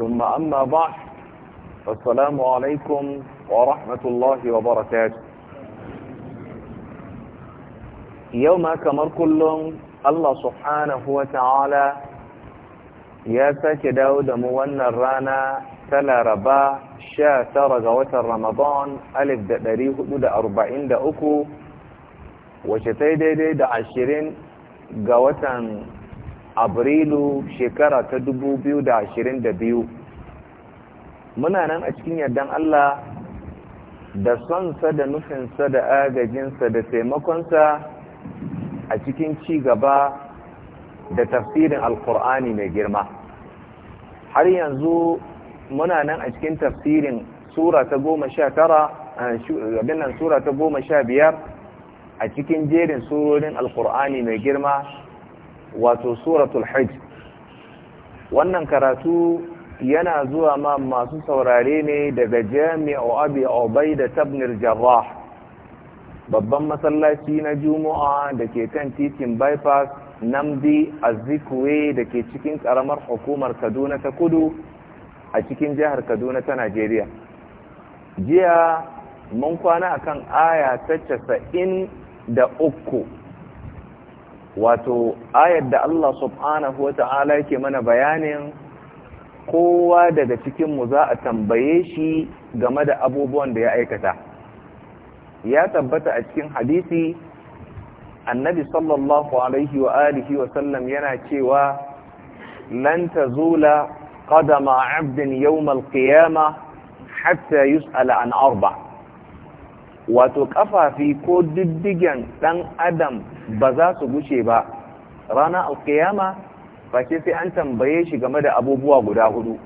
ثم أما بعد السلام عليكم ورحمة الله وبركاته يوم كمر كلهم الله سبحانه وتعالى ya sake dawo da mu wannan rana ta laraba sha tara ga watan ramadan alif da ɗari hudu da arba'in da uku wace ta daidai da ashirin ga watan abrilu shekara ta da biyu. muna nan a cikin yardan Allah da sonsa da nufinsa da agajinsa da taimakonsa a cikin ci gaba da tafsirin alkur'ani mai girma har yanzu muna nan a cikin tafsirin sura ta goma sha tara sura ta goma sha biyar a cikin jerin surorin alkur'ani mai girma wato suratul hajj wannan karatu yana zuwa ma masu saurare ne daga jami'u abi ubaida tabnir jarrah babban masallaci na juma'a da ke kan titin bypass namdi azikwe da ke cikin karamar hukumar kaduna ta kudu a cikin jihar kaduna ta najeriya jiya mun kwana akan aya ta casa'in da uku wato ayar da Allah subhanahu wa ta'ala Ke mana bayanin kowa daga cikinmu za a tambaye shi game da abubuwan da ya aikata ya tabbata a cikin hadisi annabi sallallahu alaihi wa alihi wa sallam yana cewa lan tazula qadama 'abdin yawm al-qiyamah hatta yus'ala an arba' wato kafafi ko diddigen dan adam ba za su gushe ba rana alkiyama face sai an tambaye shi game da abubuwa guda hudu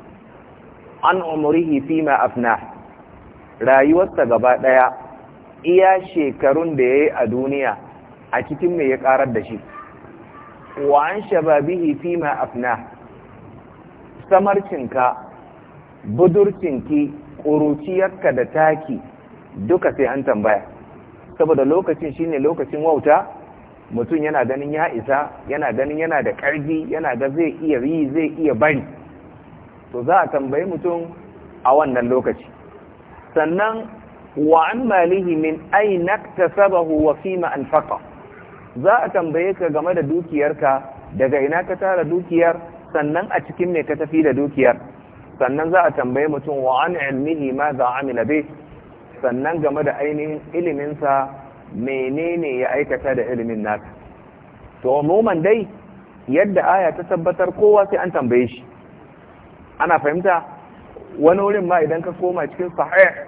an umurihi fi ma afna rayuwarsa gaba daya iya shekarun da yayi a duniya a cikin mai ya karar da shi wa an shababihi fi ma afna samarcinka budurcinki ƙuruciyarka da taki duka sai an tambaya saboda lokacin shine lokacin wauta mutum yana ganin ya isa yana ganin yana da ƙarfi yana ga zai iya yi zai iya bari to za a tambayi mutum a wannan lokaci sannan wa an malihi min aina tasabahu wa fima anfaqa za a tambaye ka game da dukiyarka daga ina ka tara dukiyar sannan a cikin me ka tafi da dukiyar sannan za a tambaye mutum wa an ilmihi ma za a Amina bai sannan game da ainihin iliminsa menene ya aikata da ilimin naka to muman dai yadda aya ta tabbatar kowa sai an tambaye shi ana fahimta wani wurin ma idan ka koma cikin sahih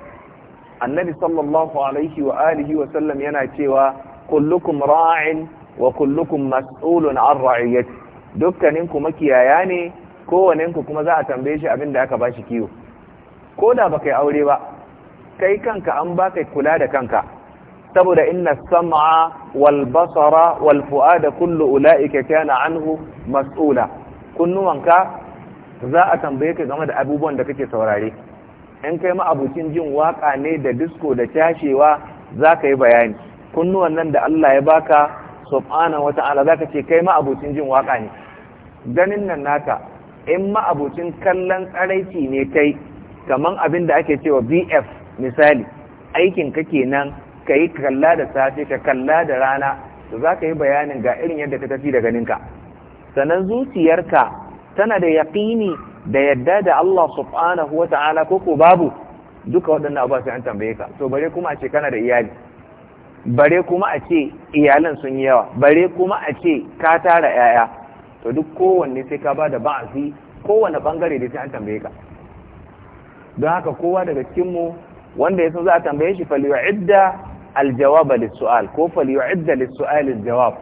annabi sallallahu alaihi wa alihi wa sallam yana cewa kullukum ra'in wa kullukum mas'ulun an ra'iyyati dukkanin ku makiyaya ne kowannen kuma za a tambaye shi abin da aka bashi kiwo ko da baka yi aure ba kai kanka an ba baka kula da kanka saboda inna sam'a wal basara wal fu'ada kullu ula'ika kana anhu mas'ula kunnuwanka za a tambaye ka game da abubuwan da kake saurare in kai ma abokin jin waka ne da disco da tashewa za ka yi bayani kunnuwan nan da Allah ya baka subhanahu wa za ka ce kai ma abokin jin waka ne ganin nan naka in ma abokin kallon tsaraici ne kai kaman abin da ake cewa bf misali aikin ka kenan ka yi kalla da safe ka kalla da rana to za ka yi bayanin ga irin yadda ka tafi da ganinka sannan zuciyarka tana da yaƙini da yadda da Allah subhanahu wa ta'ala ko ko babu duka waɗannan abuwa sai an tambaye ka to bare kuma a ce kana da iyali bare kuma a ce iyalan sun yi yawa bare kuma a ce ka tara yaya to duk kowanne sai ka ba da ba'asi kowanne bangare da sai an tambaye ka don haka kowa daga cikinmu wanda ya san za a tambaye shi falyu'idda aljawaba lissu'al ko falyu'idda lissu'al aljawab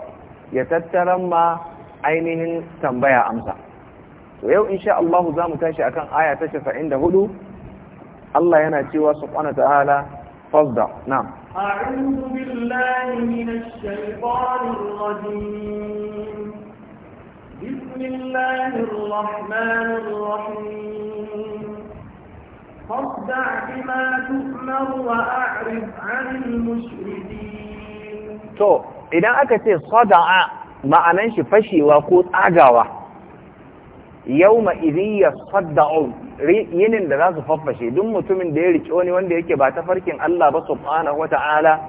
ya tattaran ma ainihin tambaya amsa to yau insha Allah za mu tashi akan aya ta 94 Allah yana cewa subhanahu ta'ala fasda na'am a'udhu billahi minash shaitanir rajim bismillahir rahmanir rahim فاصدع بما تؤمر وأعرض عن المشركين تو إذا أكت صدع معنى شفشي وقود أجاوة يوم إذي يصدعون yinin da za su faffashe duk mutumin da ya riƙe wani wanda yake ba ta farkin Allah ba subhanahu ta'ala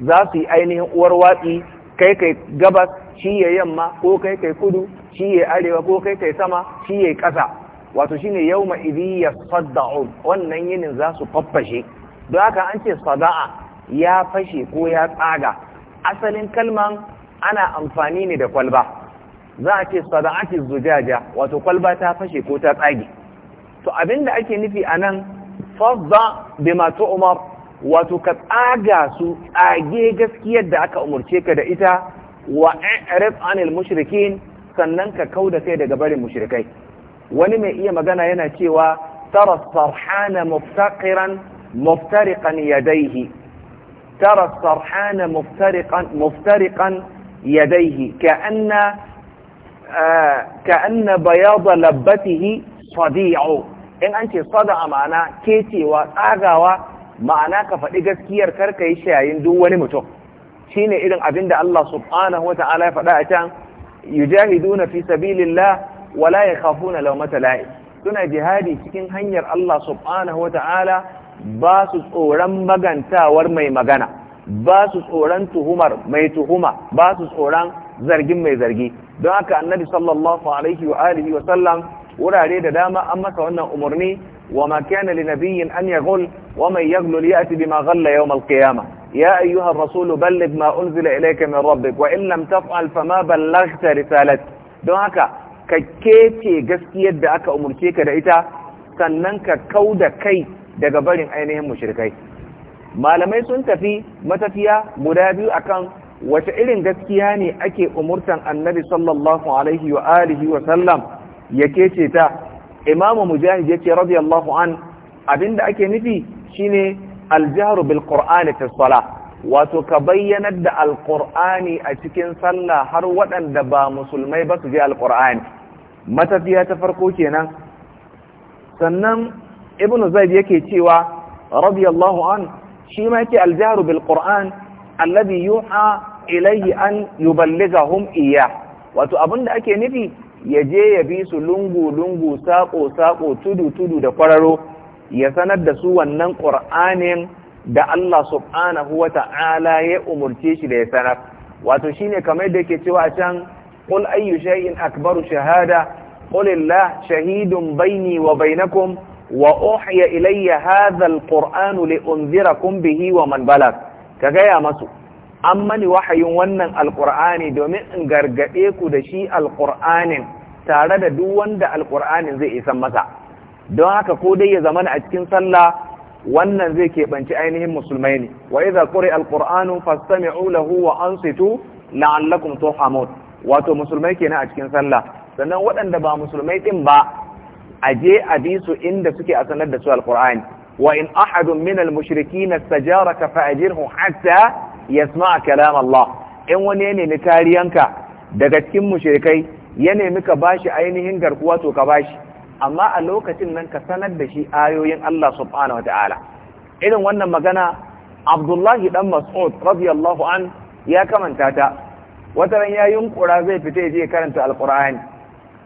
za su yi ainihin uwar watsi kai kai gabas shi ya yamma ko kai kai kudu shi ya arewa ko kai kai sama shi ya ƙasa wato shine yawma idhi yasadda'un wannan yinin za su faffashe don haka an ce sada'a ya fashe ko ya tsaga asalin kalman ana amfani ne da kwalba za a ce sada'ati zujaja wato kwalba ta fashe ko ta tsage to abinda ake nufi a fadda bima tu'mar wato ka tsaga su tsage gaskiyar da aka umurce ka da ita wa a'rif anil mushrikin sannan ka kauda kai daga barin mushrikai wani mai iya magana yana cewa tara sarhana muftaqiran muftariqan yadayhi tara sarhana muftariqan muftariqan yadayhi ka'anna ka'anna bayad labbatihi sadi'u in an ce sada ma'ana kecewa tsagawa ma'ana ka faɗi gaskiyar karka yi shayin duk wani mutum shine irin abin da Allah subhanahu wa ta'ala ya faɗa a can yujahiduna fi sabilillah wala ya kafuna laumata la'i suna jihadi cikin hanyar Allah subhanahu wa ta'ala ba su tsoron magantawar mai magana ba su tsoron tuhumar mai tuhuma ba su tsoron zargin mai zargi don haka annabi sallallahu alaihi wa alihi wa sallam wurare da dama an masa wannan umarni wa ma kana li nabiyyin an yaghul wa man yaghlul ya'ti bima ghalla yawm al-qiyamah ya ayyuha ar-rasul balligh ma unzila ilayka min rabbik wa in lam taf'al fama ballaghta risalati don haka ka kece gaskiyar da aka umurce ka da ita sannan ka kau da kai daga barin ainihin mushrikai malamai sun tafi matafiya guda biyu akan wace irin gaskiya ne ake umurtan annabi sallallahu alaihi wa alihi wa sallam ya kece ta imamu mujahid yace radiyallahu an abinda ake nufi shine aljahru bil qur'ani fi wato ka bayyanar da alqur'ani a cikin sallah har waɗanda ba musulmai ba su je alqur'ani matafiya ta farko kenan sannan ibnu zaid yake cewa radiyallahu an shi ma yake aljaru bil qur'an alladhi yuha ilayhi an yuballighahum iyyah wato abinda ake nufi ya je ya bi su lungu lungu sako sako tudu tudu da kwararo ya sanar da su wannan qur'anin da Allah subhanahu wa ta'ala ya umurce shi da ya sanar wato shine kamar da yake cewa can قل أي شيء أكبر شهادة قل الله شهيد بيني وبينكم وأوحي إلي هذا القرآن لأنذركم به ومن بلغ كجايا مسو Alkur'ani وحي in القرآن ku da دشي القرآن tare da duk wanda alƙur'anin zai isan masa don haka ko dai ya zamana a cikin sallah wannan zai keɓanci ainihin musulmai ne wa iza quri alqur'anu fastami'u lahu wa ansitu la'allakum turhamun wato musulmai kenan a cikin sallah sannan waɗanda ba musulmai ɗin ba a je a bi su inda suke a sanar da su alqur'ani wa in ahadun min almushrikin istajaraka fa'ajirhu hatta yasma'a kalam Allah in wani ya nemi kariyanka daga cikin mushrikai ya nemi ka bashi ainihin garkuwa to ka bashi amma a lokacin nan ka sanar da shi ayoyin Allah subhanahu wata'ala irin wannan magana Abdullahi dan Mas'ud radiyallahu an ya kamanta ta wata ran ya yunkura zai fita je karanta alkur'ani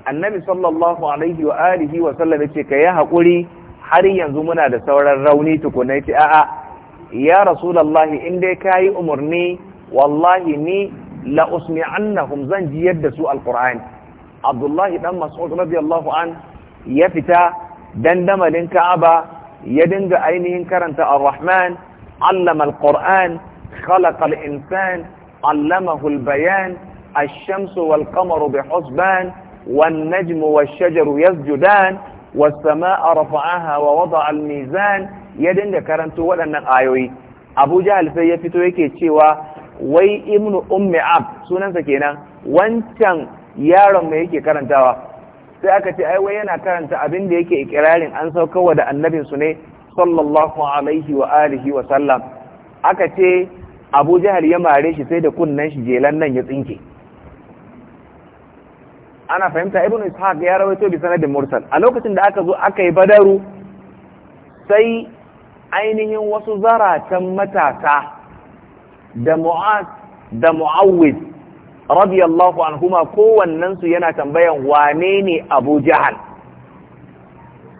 annabi sallallahu alaihi wa alihi wa sallam yace ka yi hakuri har yanzu muna da sauran rauni tukuna yace a'a ya rasulullahi in dai kayi umarni wallahi ni la usmi'annahum zan ji yadda su alqur'ani abdullahi dan mas'ud radiyallahu an ya fita dandamalin ka'aba ya dinga ainihin karanta ar-rahman allama al-qur'an khalaqa al-insan علمه البيان الشمس والقمر بحسبان والنجم والشجر يسجدان والسماء رفعها ووضع الميزان يدن كرنتو ولن نقايوي أبو جهل في يفتو يكي وي ابن أم عب سونا سكينا وانتن يارم يكي كرنتوا sai aka ce ai wai yana karanta abin da yake صلى الله عليه da annabin su abu jihar ya mare shi sai da kunnen shi jelan nan ya tsinke ana fahimta ibn ishaq ya to bi sanadin mursal a lokacin da aka zo aka yi badaru sai ainihin wasu zaratan matasa da mu'az da mu'awwiz radiyallahu anhuma kowannen su yana tambayan wane ne abu jahal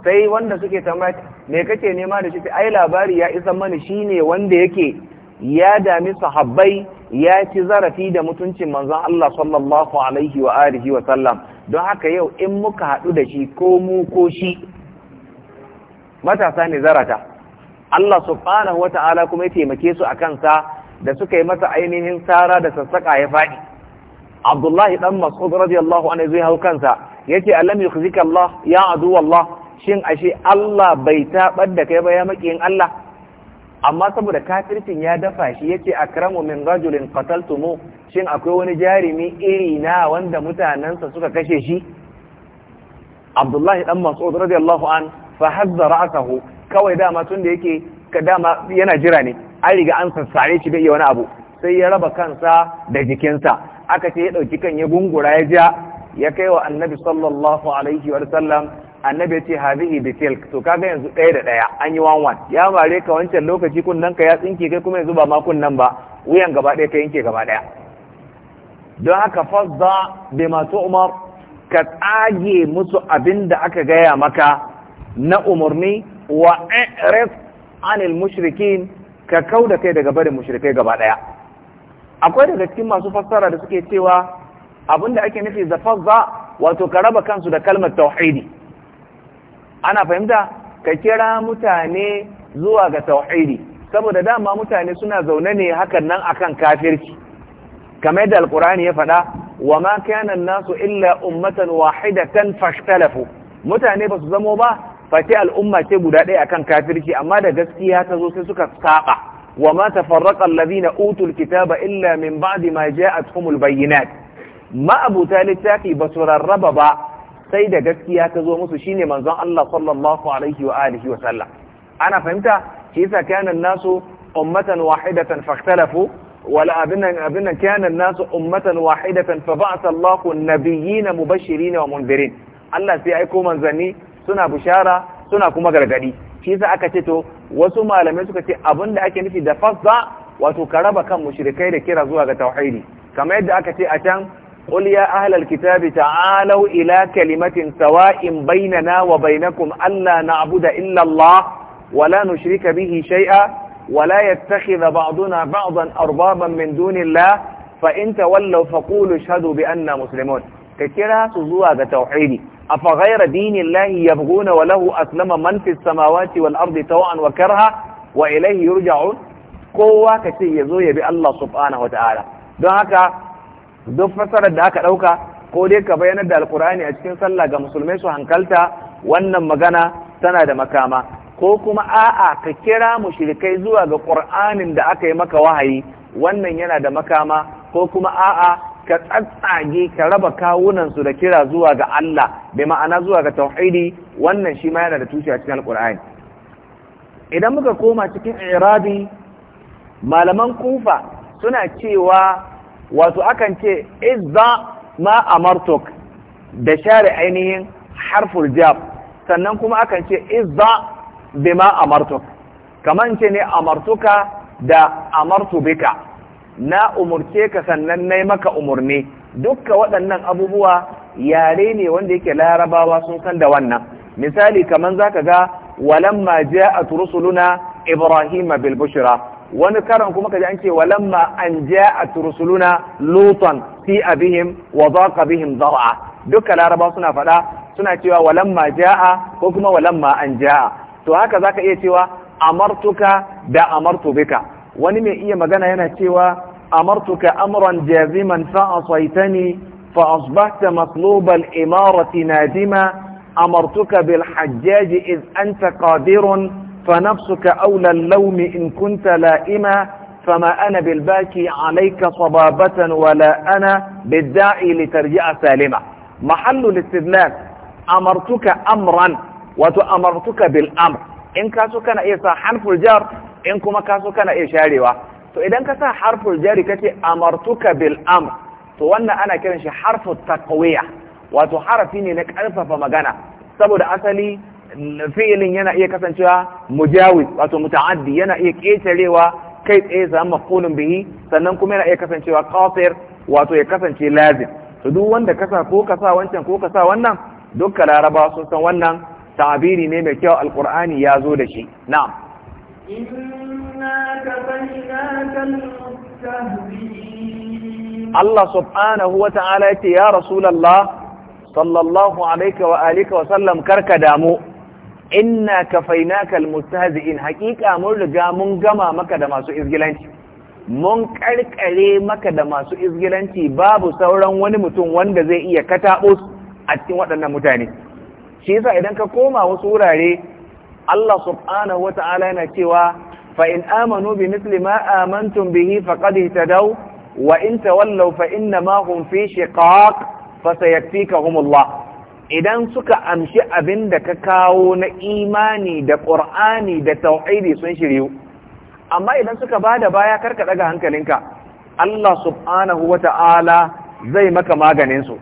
sai wanda suke tambaya me kake nema da shi ai labari ya isa mana shine wanda yake ya dami sahabbai ya ci zarafi da mutuncin manzon Allah sallallahu alaihi wa alihi wa sallam don haka yau in muka haɗu da shi ko mu ko shi matasa ne zarata Allah subhanahu wa ta'ala kuma ya taimake su a kansa da suka yi masa ainihin tsara da sassaƙa ya faɗi Abdullahi dan Mas'ud radiyallahu anhu zai hau kansa yace alam yukhzika Allah ya adu Allah shin ashe Allah bai taɓar da kai ba ya maƙiyin Allah amma saboda kafircin ya dafa shi yace akramu min rajulin qataltumu shin akwai wani jarimi iri na wanda mutanensa suka kashe shi Abdullahi dan Mas'ud radiyallahu an fa hazza ra'sahu kawai dama tun da yake dama yana jira ne an riga an sassare shi da iya wani abu sai ya raba kansa da jikinsa aka ce ya ɗauki kan ya gungura ya ja ya kai wa annabi sallallahu alaihi wa sallam annabi ya ce hazihi bi silk to kaga yanzu ɗaya da ɗaya an yi wan wan ya mare ka wancan lokaci kunnan ka ya tsinke kai kuma yanzu ba ma kunnan ba wuyan gaba ɗaya ka yanke gaba ɗaya don haka fasda bi masu umar ka tsage musu abin da aka gaya maka na umarni wa arif anil mushrikin ka kau kai daga barin mushrikai gaba ɗaya akwai daga cikin masu fassara da suke cewa abin da ake nufi da wato ka raba kansu da kalmar tauhidi ana fahimta ka kira mutane zuwa ga tauhidi saboda dama mutane suna zaune ne hakan nan akan kafirci kamar yadda Alƙurani ya faɗa wa ma kana nasu illa ummatan wahidatan fashtalafu mutane ba su zamo ba fati al'umma ce guda ɗaya akan kafirci amma da gaskiya ta zo sai suka saba wa ma tafarraqa alladhina utul kitaba illa min ba'di ma ja'atuhumul bayyinat ma abuta littafi ba su rarraba ba sai da gaskiya ta zo musu shine manzon Allah sallallahu alaihi wa alihi wa sallam ana fahimta shi yasa kana nasu ummatan wahidatan fakhtalafu wala abinan abinan kana nasu ummatan wahidatan fa ba'atha Allahu an-nabiyina mubashirin wa mundirin Allah sai aiko manzanni suna bushara suna kuma gargadi shi yasa aka ce to wasu malamai suka ce abinda ake nufi da fasda wato ka raba kan mushrikai da kira zuwa ga tauhidi kamar yadda aka ce a can قل يا أهل الكتاب تعالوا إلى كلمة سواء بيننا وبينكم ألا نعبد إلا الله ولا نشرك به شيئا ولا يتخذ بعضنا بعضا أربابا من دون الله فإن تولوا فقولوا اشهدوا بأننا مسلمون كثيرا سزوا توحيدي أفغير دين الله يبغون وله أسلم من في السماوات والأرض طوعا وكرها وإليه يرجعون قوة كثيرا يزوي بالله سبحانه وتعالى دعاك duk fasarar da aka ɗauka ko dai ka bayanar da alkur'ani a cikin sallah ga musulmai su hankalta wannan magana tana da makama ko kuma a'a ka kira mushrikai zuwa ga ƙur'anin da aka yi maka wahayi wannan yana da makama ko kuma a'a ka tsatsage ka raba kawunansu da kira zuwa ga Allah mai ma'ana zuwa ga tauhidi wannan shi ma yana da tushe a cikin alkur'ani idan muka koma cikin irabi malaman kufa suna cewa wato akan ce izza ma amartuk da share ainihin harful jab sannan kuma akan ce izza bima amartuk kaman ce ne amartuka da amartu bika na umurce ka sannan nai maka umurni dukka waɗannan abubuwa yare ne wanda yake larabawa sun san da wannan misali kaman zaka ga walamma ja'at rusuluna ibrahima bil bushra wani karan kuma kaji an ce walamma an ja'at rusuluna lutan fi abihim wa dhaqa bihim dhar'a duka laraba suna fada suna cewa walamma ja'a ko kuma walamma an ja'a to haka zaka iya cewa amartuka da amartu bika wani mai iya magana yana cewa amartuka amran jaziman fa asaitani fa asbahta matluba al imarati nadima amartuka bil hajjaj iz anta qadirun فنفسك أولى اللوم إن كنت لائما فما أنا بالباكي عليك صبابة ولا أنا بالداعي لترجع سالمة محل الاستدلال أمرتك أمرا وتأمرتك بالأمر إن كاسو كان إيسا حرف الجار إن كما كاسو كان إيشاريوة فإذا كسا حرف الجار كتي أمرتك بالأمر فوانا أنا كنش حرف التقوية وتحرفيني لك ألف فمغانا سبب أسلي fi'ilin yana iya kasancewa mujawiz wato muta'addi yana iya ƙetarewa kai tsaye samu maf'ulun bihi sannan kuma yana iya kasancewa qasir wato ya kasance lazim to duk wanda kasa ko kasa wancan ko kasa wannan dukkan laraba sun san wannan tabiri ne mai kyau alqur'ani ya zo da shi na'am Allah subhanahu wa ta'ala ya ce ya rasulallah sallallahu alaika wa alika wa sallam karka damu inna kafainaka almustahzi'in haqiqa mun riga mun gama maka da masu izgilanci mun karkare maka da masu izgilanci babu sauran wani mutum wanda zai iya katabo a cikin waɗannan mutane shi yasa idan ka koma wasu wurare Allah subhanahu wata'ala yana cewa fa in amanu bi misli ma amantum bihi faqad ihtadaw wa in tawallaw fa inna ma hum fi shiqaq fa sayakfikahumullah idan suka amshi abin da ka kawo na imani da ƙur'ani da tauhidi sun shiryu amma idan suka ba da baya karka daga hankalinka Allah subhanahu wa ta'ala zai maka maganinsu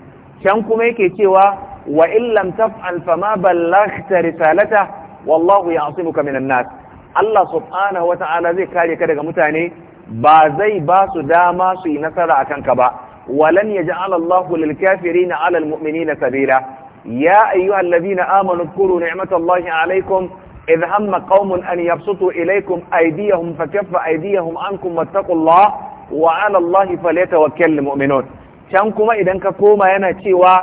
can kuma yake cewa wa illam taf'al fama ballaghta risalata wallahu ya'simuka minan nas Allah subhanahu wa ta'ala zai kare ka daga mutane ba zai ba su dama su yi nasara akan ka ba walan yaj'al Allahu lil kafirin 'ala al mu'minina sabila يا أيها الذين آمنوا اذكروا نعمة الله عليكم إذ هم قوم أن يبسطوا إليكم أيديهم فكف أيديهم عنكم واتقوا الله وعلى الله فليتوكل المؤمنون شانكم إذا كفوما ينتشوا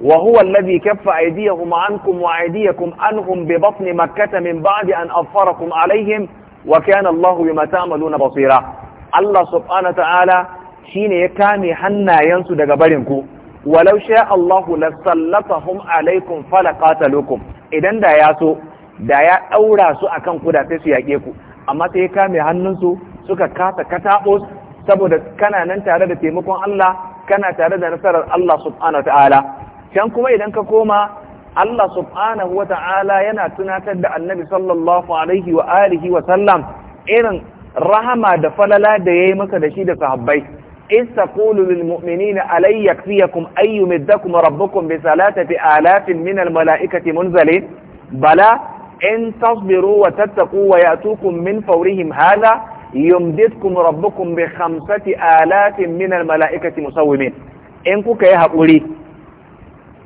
وهو الذي كف أيديهم عنكم وأيديكم عنهم ببطن مكة من بعد أن أظفركم عليهم وكان الله بما تعملون بصيرا الله سبحانه وتعالى شين يكامي حنا ينسو دقبرنكم walau sha Allahu la sallatahum alaikum fala qatalukum idan da ya so da ya daura su akan ku da sai su yake ku amma sai ya kame hannunsu suka kasa kataɓo saboda kana nan tare da taimakon Allah kana tare da nasarar Allah subhanahu ta'ala can kuma idan ka koma Allah subhanahu wa ta'ala yana tunatar da annabi sallallahu alaihi wa alihi wa sallam irin rahama da falala da ya yi masa da shi da sahabbai إذ تقول للمؤمنين ألي يكفيكم أن يمدكم ربكم بثلاثة آلاف من الملائكة منزلين بلى إن تصبروا وتتقوا ويأتوكم من فورهم هذا يمددكم ربكم بخمسة آلاف من الملائكة مسومين إن كوكا يهقولي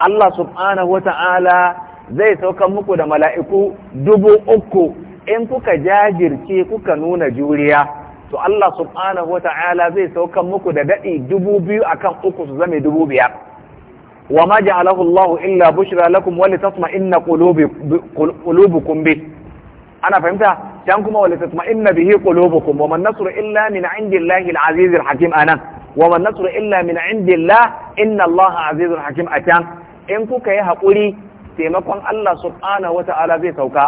الله سبحانه وتعالى زي sauka muku da mala'iku dubu uku in kuka jajirce kuka جوليا to Allah subhanahu wata'ala zai saukan muku da dadi dubu biyu akan uku su zame dubu biyar wa ma ja'alahu Allahu illa bushra lakum wa litatma'inna qulubukum bi ana fahimta can kuma wa litatma'inna bihi qulubukum wa man nasru illa min indillahi al-aziz al-hakim anan wa man nasru illa min indillah inna Allah azizul hakim a can in kuka yi hakuri, taimakon Allah subhanahu wata'ala zai sauka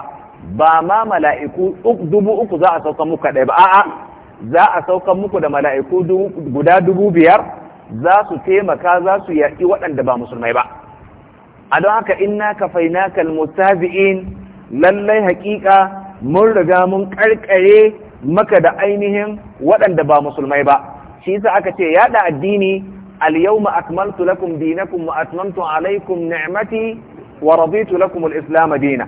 ba ma mala'iku dubu uku za a sauka muka ɗaya ba a'a za a saukan muku da mala'iku guda dubu biyar za su taimaka za su yaƙi waɗanda ba musulmai ba a don haka inna ka fainaka almustazi'in lallai haƙiƙa mun riga mun ƙarƙare maka da ainihin waɗanda ba musulmai ba shi yasa aka ce yaɗa addini al-yawma akmaltu lakum dinakum wa atmamtu alaykum ni'mati wa raditu lakum al-islam dina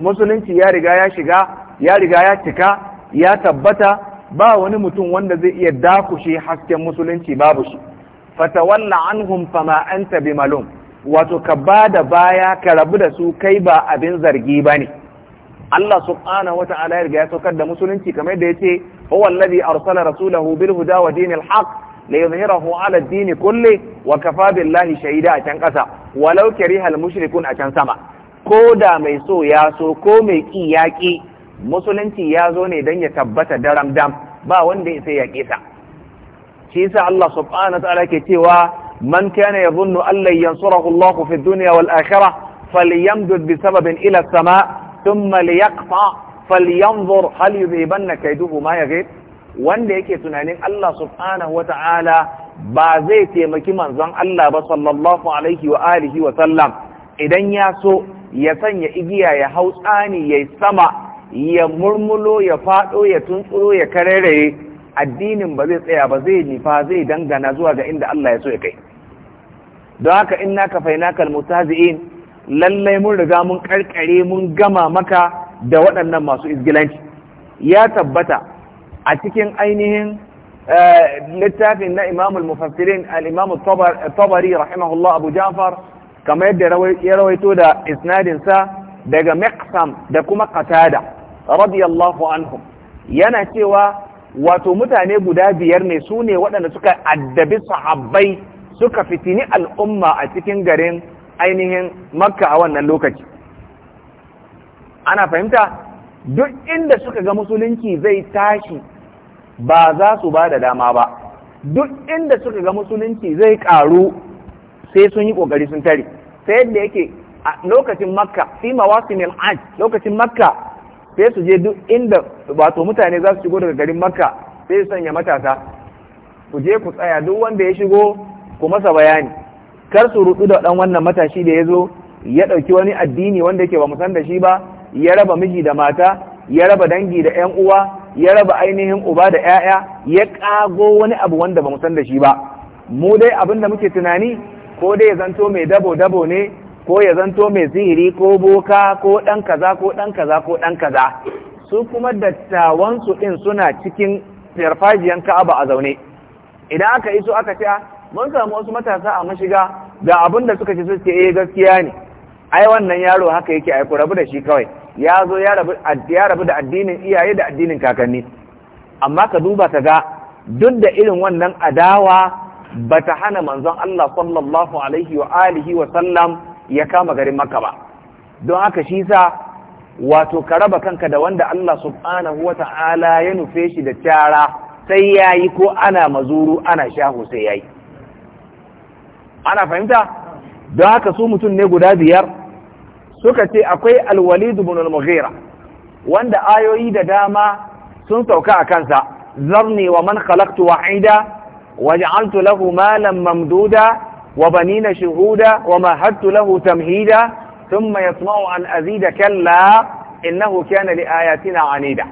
musulunci ya riga ya shiga ya riga ya cika ya tabbata ba wani mutum wanda zai iya dakushe hasken musulunci babu shi fatawalla anhum fama anta bimalum wato ka ba da baya ka rabu da su kai ba abin zargi bane Allah subhanahu wata'ala ya riga ya saukar da musulunci kamar yadda yace huwa alladhi arsala rasulahu bil huda wa dinil haqq liyuzhirahu ala ad-din kulli wa kafa billahi shahida a can kasa walau kariha al mushrikun a can sama ko da mai so ya so ko mai ki ya ki musulunci ya zo ne don ya tabbata daram dam ba wanda ya sai ya kisa shi sa Allah subhanahu ta'ala ke cewa man kana yadhunnu an lan yansurahu Allah fi dunya wal akhirah falyamdud bi sababin ila as-sama' thumma liyaqta falyanzur hal kai kayduhu ma yaghib wanda yake tunanin Allah subhanahu ta'ala ba zai taimaki manzon Allah ba sallallahu alaihi wa alihi wa sallam idan ya so ya sanya igiya ya hau tsani yayi sama ya murmulo ya faɗo ya tuntsuro ya karerare addinin ba zai tsaya ba zai nifa zai dangana zuwa ga inda Allah ya so ya kai don haka in ka fainaka almutazi'in lallai mun riga mun karkare mun gama maka da waɗannan masu izgilanci ya tabbata a cikin ainihin eh, littafin na imamul mufassirin al-imamu tabari rahimahullah abu jafar kamar yadda ya rawaito da isnadinsa daga meksam da kuma qatada radiyallahu anhum yana cewa wato mutane guda biyar ne su ne waɗanda suka addabi sahabbai suka fitini al'umma a cikin garin ainihin makka a wannan lokaci ana fahimta duk inda suka ga musulunci zai tashi ba za su ba da dama ba duk inda suka ga musulunci zai ƙaru sai sun yi ƙoƙari sun tare sai yadda yake a lokacin makka fi mawasimil hajj lokacin makka sai su je duk inda wato mutane za su shigo daga garin makka sai su sanya matasa ku je ku tsaya duk wanda ya shigo ku masa bayani kar su rudu da dan wannan matashi da ya zo ya ɗauki wani addini wanda yake ba mu san da shi ba ya raba miji da mata ya raba dangi da yan uwa ya raba ainihin uba da 'ya'ya ya ƙago wani abu wanda ba mu san da shi ba mu dai abin da muke tunani ko dai zanto mai dabo dabo ne ko ya zanto mai zihiri ko boka ko ɗan kaza ko ɗan kaza ko ɗan kaza su kuma dattawansu ɗin suna cikin farfajiyan ka'aba a zaune idan aka iso aka ce ah, mun samu wasu matasa a mashiga ga abin da suka ce su eh gaskiya ne ai wannan yaro haka yake aiko, rabu da shi kawai ya zo ya rabu da addinin iyaye da addinin kakanni amma ka duba ka ga duk da irin wannan adawa bata hana manzon Allah sallallahu alaihi wa alihi wa sallam ya kama garin makka ba don haka shi sa wato ka raba kanka da wanda Allah subhanahu wa ta'ala ya nufe shi da cara sai ya yi ko ana mazuru ana shahu sai ya yi ana fahimta don haka su mutum ne guda biyar suka ce akwai alwalidu bin al-mughira wanda ayoyi da dama sun sauka a kansa zarni wa man khalaqtu wahida waj'altu lahu malan mamduda وبنين شهودا ومهدت له تمهيدا ثم يطمع أن أزيد كلا إنه كان لآياتنا عنيدا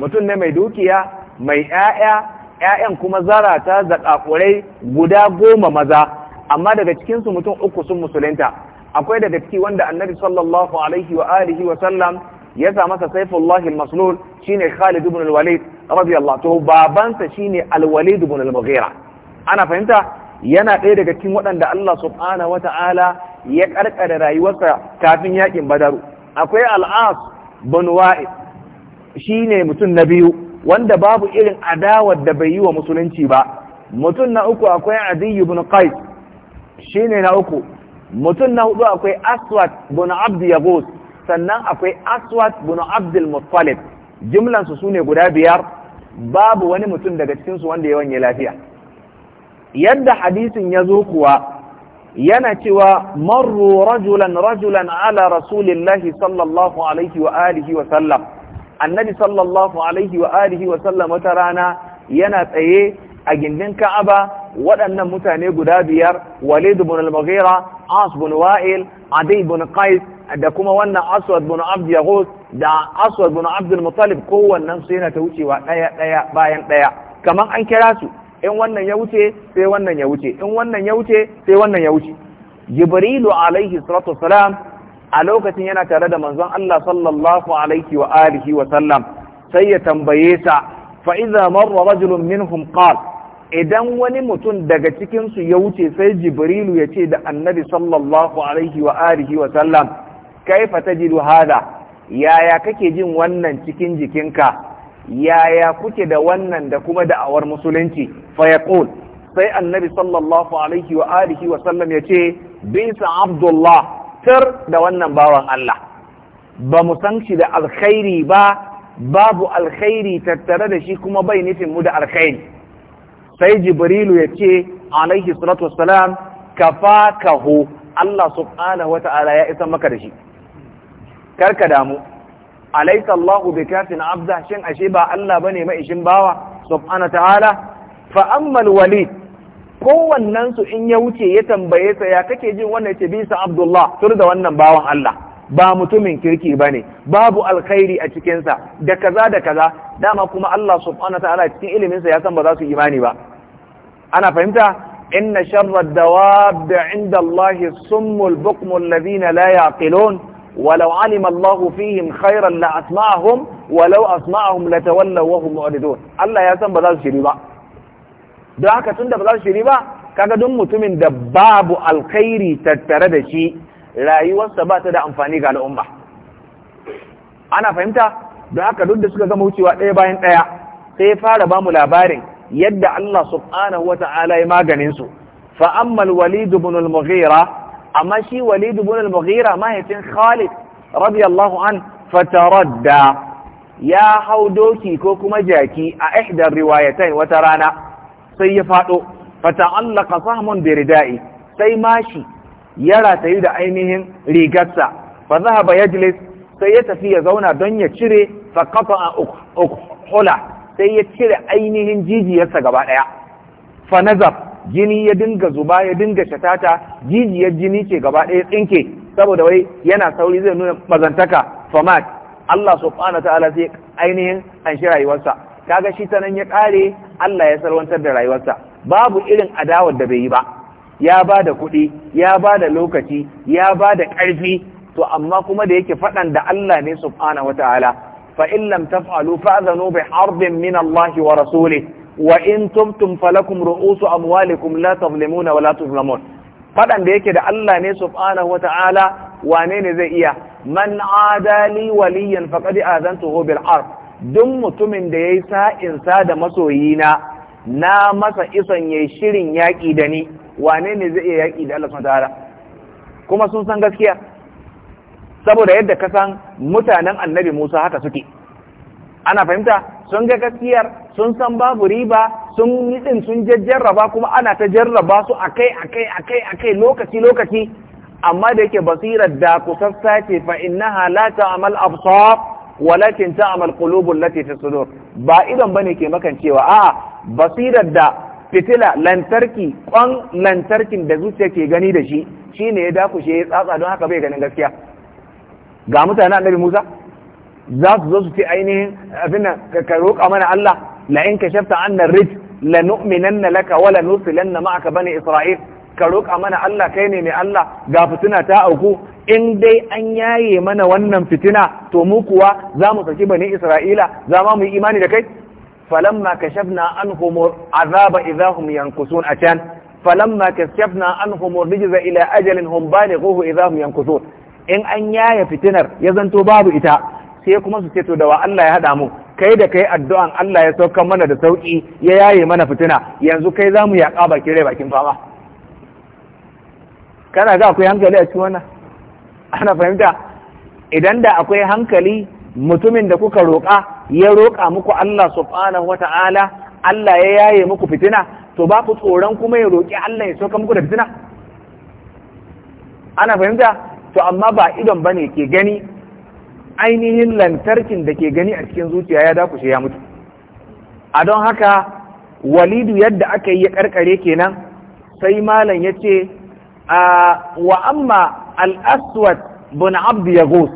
متن dukiya mai آية ‘ya'yan kuma zarata ta zakakurai guda goma maza, amma daga cikinsu mutum uku sun musulunta, akwai daga ciki wanda annabi sallallahu alaihi wa alihi wa sallam ya sa masa saifullahi al-maslul shine Khalid ibn al-Walid radiyallahu anhu babansa shine al-Walid ibn al-Mughira ana fahimta yana ɗaya daga cikin waɗanda Allah subhanahu ta'ala ya karkare rayuwarsa kafin yakin badaru akwai al'as banu wa'id shine mutum na biyu wanda babu irin adawar da bai yi wa musulunci ba mutum na uku akwai adi ibn qais shine na uku mutum na hudu akwai aswad bin abd sannan akwai aswad bin abd al-muttalib su sune guda biyar babu wani mutum daga cikinsu wanda ya wanye lafiya yadda hadisin ya zo kuwa yana cewa marru rajulan rajulan ala rasulillahi sallallahu alaihi wa alihi wa sallam annabi sallallahu alaihi wa alihi wa sallam wata rana yana tsaye a gindin ka'aba waɗannan mutane guda biyar walid ibn al-mughira as ibn wa'il adi ibn qais da kuma wannan aswad ibn abd da aswad ibn abd al-muttalib kowannen su yana ta wucewa ɗaya ɗaya bayan ɗaya kamar an kira su in wannan ya wuce sai wannan ya wuce in wannan ya wuce sai wannan ya wuce jibrilu alaihi salatu wasalam a lokacin yana tare da manzon Allah sallallahu alaihi wa alihi wa sallam sai ya tambaye sa fa idza marra rajulun minhum qala idan wani mutum daga cikinsu ya wuce sai jibrilu ya ce da annabi sallallahu alaihi wa alihi wa sallam kaifa tajidu hada yaya kake jin wannan cikin jikinka yaya kuke da wannan da kuma da'awar musulunci fayaqul sai annabi sallallahu alaihi wa alihi wa sallam yace bisa abdullah tar da wannan bawan Allah ba mu san shi da alkhairi ba babu alkhairi tattare da shi kuma bai nufin mu da alkhairi sai jibrilu yace alaihi salatu wassalam kafakahu Allah subhanahu wa ta'ala ya isa maka da shi karka damu alaysa Allahu bikafin abza shin ashe ba Allah bane mai ishin bawa Subhana ta'ala fa ammal walid kowannen su in ya wuce ya tambaye sa ya kake jin wannan ce bisa Abdullah tur da wannan bawan Allah ba mutumin kirki bane babu alkhairi a cikinsa. da kaza da kaza dama kuma Allah subhana ta'ala cikin ilimin sa ya san ba za su imani ba ana fahimta إن شر da inda الله الصم البقم الذين لا يعقلون ولو علم الله فيهم خيرا لأسمعهم ولو أسمعهم لتولوا وهم معرضون الله يا سن بذا شيري با don haka tun da ba za su shiri ba kaga duk mutumin da babu alkhairi tattare da shi rayuwarsa ba ta da amfani ga al'umma ana fahimta da haka duk da suka gama wucewa ɗaya bayan ɗaya sai ya fara ba mu labarin yadda Allah subhanahu wa ta'ala ya maganin su fa ammal walid ibn al-mughira amma shi walid ibn al-mughira mahaifin khalid radiyallahu an fataradda ya hau doki ko kuma jaki a ihdar riwayatai wata rana sai ya fado fata'allaka sahmun bi rida'i sai mashi ya ratayi da ainihin rigarsa fa zahaba yajlis sai ya tafi ya zauna don ya cire fa qata'a ukhula sai ya cire ainihin jijiyarsa gaba daya fa jini ya dinga zuba ya dinga shatata jijiyar jini ce gaba ɗaya tsinke saboda wai yana sauri zai nuna mazantaka famat Allah subhanahu ta'ala sai ainihin an shi rayuwarsa ga shi ta nan ya ƙare Allah ya salwantar da rayuwarsa babu irin adawar da bai yi ba ya ba da kuɗi ya ba da lokaci ya ba da ƙarfi to amma kuma da yake faɗan da Allah ne subhanahu wa ta'ala fa in lam taf'alu fa'zanu bi harbin min Allah wa rasuli wa in tubtum falakum ru'usu amwalikum la tazlimuna wa la fadan da yake da Allah ne subhanahu wa ta'ala wane ne zai iya man adali waliyan faqad azantuhu bil arf duk mutumin da yayi sa'in sa da masoyina na masa isan yayi shirin yaki da ni wane ne zai iya yaki da Allah subhanahu wa ta'ala kuma sun san gaskiya saboda yadda ka san mutanen annabi Musa haka suke ana fahimta sun ga gaskiyar sun san babu riba sun yi din sun jarraba kuma ana ta jarraba su akai akai akai akai lokaci lokaci amma da yake basirar da kusassa ce fa innaha la ta'mal absar walakin ta'mal qulubul lati fi ba idan bane ke makancewa a'a basirar da fitila lantarki ƙwan lantarkin da zuciya ke gani da shi shine ya dakushe ya tsatsa don haka bai ganin gaskiya ga mutanen annabi Musa za su zo su ce ainihin abin ka roƙa mana Allah la in kashafta anna Rij. la nu'minanna laka wa la nursilanna ma'aka isra'il ka roƙa mana Allah kai ne mai Allah ga fitina ta auku in dai an yaye mana wannan fitina to mu kuwa za mu saki bani Isra'ila za ma mu yi imani da kai falamma kashafna anhum azaba idahum yankusun a can falamma kashafna anhum rijza ila ajalin hum balighuhu idahum yankusun in an yaye fitinar ya zanto babu ita sai kuma su ce to da wa Allah ya haɗa mu kai da kai addu'an Allah ya sauka mana da sauƙi ya yaye mana fitina yanzu kai za mu yaƙa bakin rai bakin fama kana ga akwai hankali a cikin wannan ana fahimta idan da akwai hankali mutumin da kuka roƙa ya roƙa muku Allah subhanahu Wata'ala, ala Allah ya yaye muku fitina to ba ku tsoron kuma ya roƙi Allah ya sauka muku da fitina ana fahimta to amma ba idon bane ke gani ainihin lantarkin da ke gani a cikin zuciya ya dakushe ya mutu a don haka walidu yadda aka yi ya karkare kenan sai malam ya ce wa amma al-aswad bin abd yagos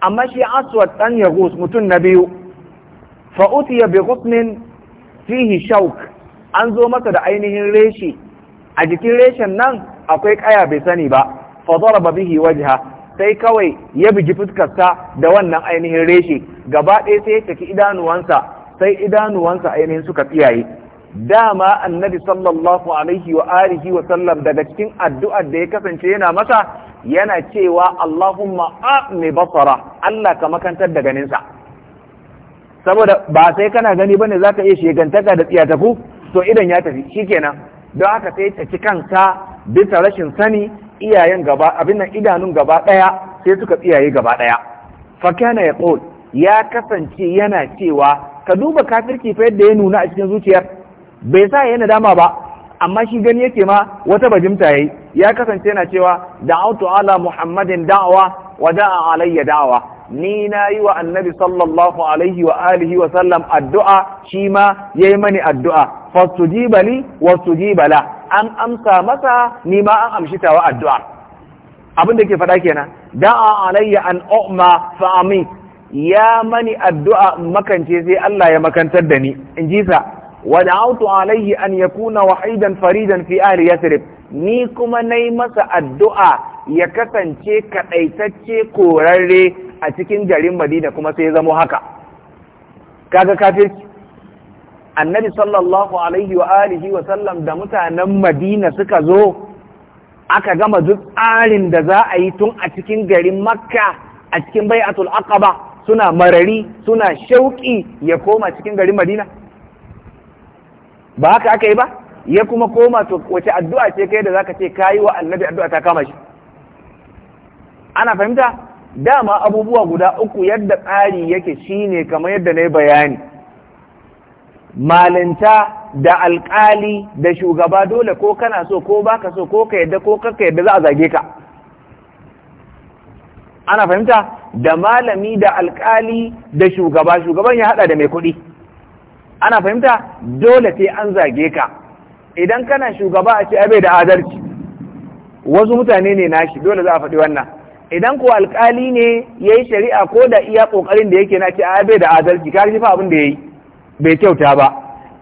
amma shi aswad dan yagos mutum na biyu fa ya bi fihi shauk an zo masa da ainihin reshe a jikin reshen nan akwai kaya bai sani ba fa daraba bihi wajha sai kawai ya bugi fuskarsa da wannan ainihin reshe gaba ɗaya sai ya taki idanuwansa sai idanuwansa ainihin suka tsiyaye dama annabi sallallahu alaihi wa alihi wa sallam daga cikin addu'ar da ya kasance yana masa yana cewa Allahumma a'mi basara Allah ka makantar da ganinsa saboda ba sai kana gani bane zaka iya shegantaka da tsiyatafu to idan ya tafi shikenan don haka sai ta ci kansa bisa rashin sani iyayen gaba abin nan idanun gaba ɗaya sai suka tsiyaye gaba ɗaya fakana ya ƙol ya kasance yana cewa ka duba kafirki fa yadda ya nuna a cikin zuciyar bai sa yana dama ba amma shi gani yake ma wata bajimta yayi ya kasance yana cewa da'autu ala muhammadin da'awa wa da'a alayya dawa. ni na yi wa annabi sallallahu alaihi wa alihi wa sallam addu'a shi ma ya yi mani addu'a fastuji bali wastuji bala an amsa masa ni ma an amshi tawa addu'a abin da ke faɗa kenan da'a alayya an u'ma fa amin ya mani addu'a makance sai Allah ya makantar da ni in ji sa wa da'awtu alayhi an yakuna wahidan faridan fi ahli yathrib ni kuma nayi masa addu'a ya kasance kadaitacce korarre a cikin garin Madina kuma sai ya zamo haka kaga kafirci annabi sallallahu alaihi wa alihi wa sallam da mutanen madina suka zo aka gama duk tsarin da za a yi tun a cikin garin makka a cikin bai'atul aqaba suna marari suna shauƙi ya koma cikin garin madina ba haka aka yi ba ya kuma koma to wace addu'a ce kai da zaka ce kayi wa annabi addu'a ta kama shi ana fahimta dama abubuwa guda uku yadda tsari yake shine kamar yadda na yi bayani malinta da alƙali da shugaba dole ko kana so ko baka so ko ka yadda ko ka yadda za a zage ka ana fahimta da malami da alƙali da shugaba shugaban ya hada da mai kuɗi ana fahimta dole sai an zage ka idan kana shugaba a ce abai da adalci wasu mutane ne nashi dole za a faɗi wannan idan ko alƙali ne ya yi shari'a ko da iya ƙoƙarin da yake na ce abai da adalci ka shi fa abin da ya yi. bai kyauta ba